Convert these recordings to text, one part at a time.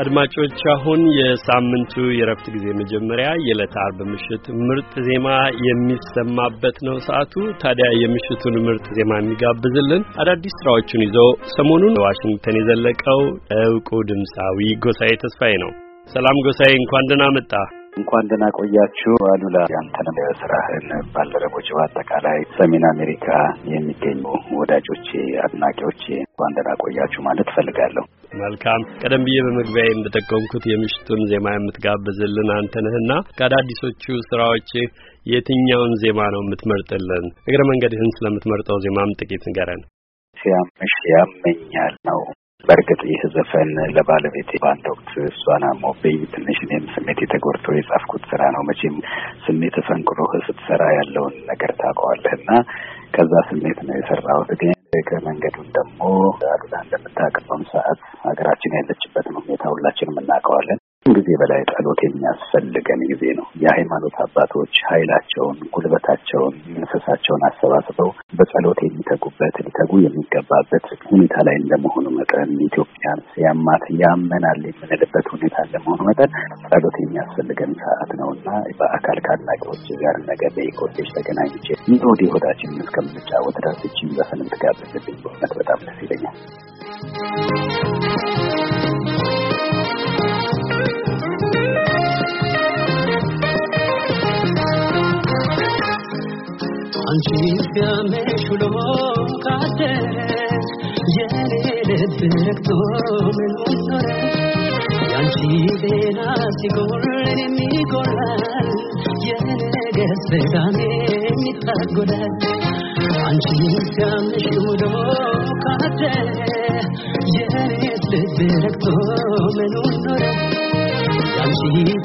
አድማጮች አሁን የሳምንቱ የረፍት ጊዜ መጀመሪያ የዕለት አርብ ምሽት ምርጥ ዜማ የሚሰማበት ነው ሰዓቱ። ታዲያ የምሽቱን ምርጥ ዜማ የሚጋብዝልን አዳዲስ ስራዎቹን ይዞ ሰሞኑን ዋሽንግተን የዘለቀው እውቁ ድምፃዊ ጎሳዬ ተስፋዬ ነው። ሰላም ጎሳዬ፣ እንኳን ደህና መጣ። እንኳን ደህና ቆያችሁ። አሉላ አንተንም ስራህን ባልደረቦች፣ በአጠቃላይ ሰሜን አሜሪካ የሚገኙ ወዳጆቼ፣ አድናቂዎቼ እንኳን ደህና ቆያችሁ ማለት እፈልጋለሁ። መልካም ቀደም ብዬ በመግቢያ እንደጠቀምኩት የምሽቱን ዜማ የምትጋብዝልን አንተነህና ከአዳዲሶቹ ስራዎች የትኛውን ዜማ ነው የምትመርጥልን? እግረ መንገድህን ስለምትመርጠው ዜማም ጥቂት ንገረን። ሲያምሽ ያመኛል ነው በእርግጥ ይህ ዘፈን ለባለቤቴ በአንድ ወቅት እሷና ሞቤይ ትንሽ እኔም ስሜት የተጎድቶ የጻፍኩት ስራ ነው። መቼም ስሜት ፈንቅሮህ ስትሰራ ያለውን ነገር ታውቀዋለህ እና ከዛ ስሜት ነው የሰራሁት። ግን ከመንገዱን ደግሞ አሉላ እንደምታውቀው ሰዓት ሀገራችን ያለችበትን ሁኔታ ሁላችንም እናውቀዋለን። በላይ ጸሎት የሚያስፈልገን ጊዜ ነው። የሃይማኖት አባቶች ኃይላቸውን፣ ጉልበታቸውን፣ መንፈሳቸውን አሰባስበው በጸሎት የሚተጉበት ሊተጉ የሚገባበት ሁኔታ ላይ እንደመሆኑ መጠን ኢትዮጵያን ሲያማት ያመናል የምንልበት ሁኔታ እንደመሆኑ መጠን ጸሎት የሚያስፈልገን ሰዓት ነው እና በአካል ካላቂዎች ጋር ነገ በኢኮቴጅ ተገናኝቼ ወደ ሆዳችንን እስከምንጫወት ድረስ ይህችን ዘፈን ብትጋብዝልኝ በእውነት በጣም ደስ ይለኛል። አንቺ ሲያምሽ ውሎ ካደረሽ የኔ ልብ ረክቶ ምን ሞተረ የአንቺ ዜና ሲጎር እኔም ይጎራል የነገር ስጋሜ የሚታጎዳል አንቺ ሲያምሽ ውሎ ካደረሽ የኔ ልብ ረክቶ ምን ሞተረ የአንቺ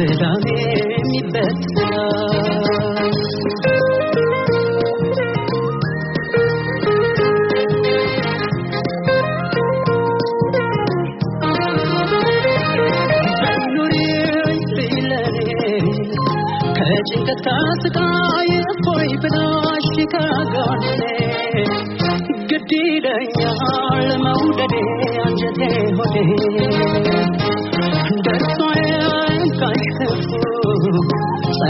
ሰላም የሚበትና ከጭንቀታ ስቃይ እፎይ ብላ ሽካጋኔ ግድ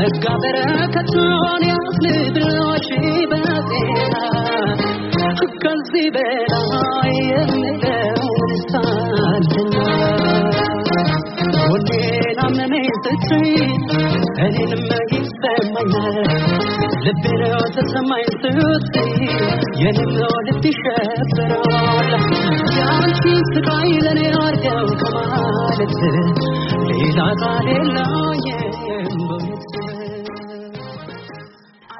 ጸጋ በረከቱን ያስልድሮሽ በጤና ከዚህ በላይ የምለው ሳድና ወዴን ይሰማኛል ልቤ ነው ተሰማኝ ስትይ የኔም ልብ ይሸብራል ስቃይ ለእኔ አርገው ከማለት ሌላ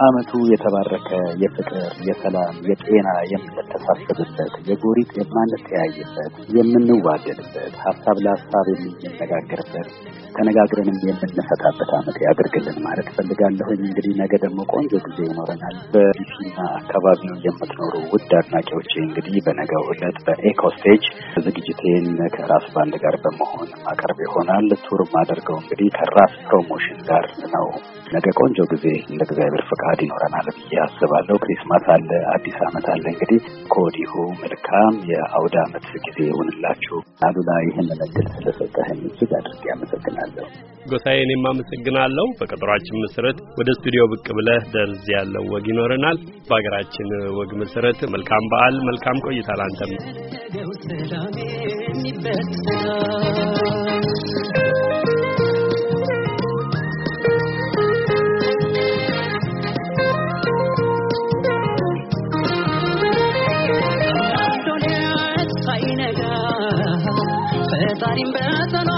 አመቱ የተባረከ የፍቅር፣ የሰላም፣ የጤና የምንተሳሰብበት፣ የጎሪጥ የማንተያይበት፣ የምንዋደድበት፣ ሀሳብ ለሀሳብ የምንነጋገርበት ተነጋግረንም የምንፈታበት ዓመት ያድርግልን ማለት ፈልጋለሁኝ። እንግዲህ ነገ ደግሞ ቆንጆ ጊዜ ይኖረናል። በዲሲና አካባቢው የምትኖሩ ውድ አድናቂዎች እንግዲህ በነገው ዕለት በኤኮስቴጅ ዝግጅቴን ከራስ ባንድ ጋር በመሆን አቀርብ ይሆናል። ቱር ማደርገው እንግዲህ ከራስ ፕሮሞሽን ጋር ነው። ነገ ቆንጆ ጊዜ እንደ እግዚአብሔር ፍቃድ ይኖረናል ብዬ አስባለሁ። ክሪስማስ አለ፣ አዲስ አመት አለ። እንግዲህ ከወዲሁ መልካም የአውደ ዓመት ጊዜ ይሁንላችሁ። አሉላ ይህንን እድል ስለሰጠህን እጅግ አድርጌ አመሰግናለሁ። አመሰግናለሁ። ጎሳዬ እኔም አመሰግናለሁ። በቀጠሯችን መሰረት ወደ ስቱዲዮ ብቅ ብለህ ደርዝ ያለው ወግ ይኖረናል። በሀገራችን ወግ መሰረት መልካም በዓል፣ መልካም ቆይታ ላንተም። I'm better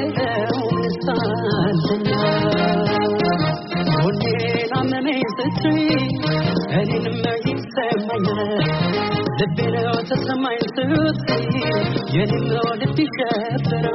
ሌላ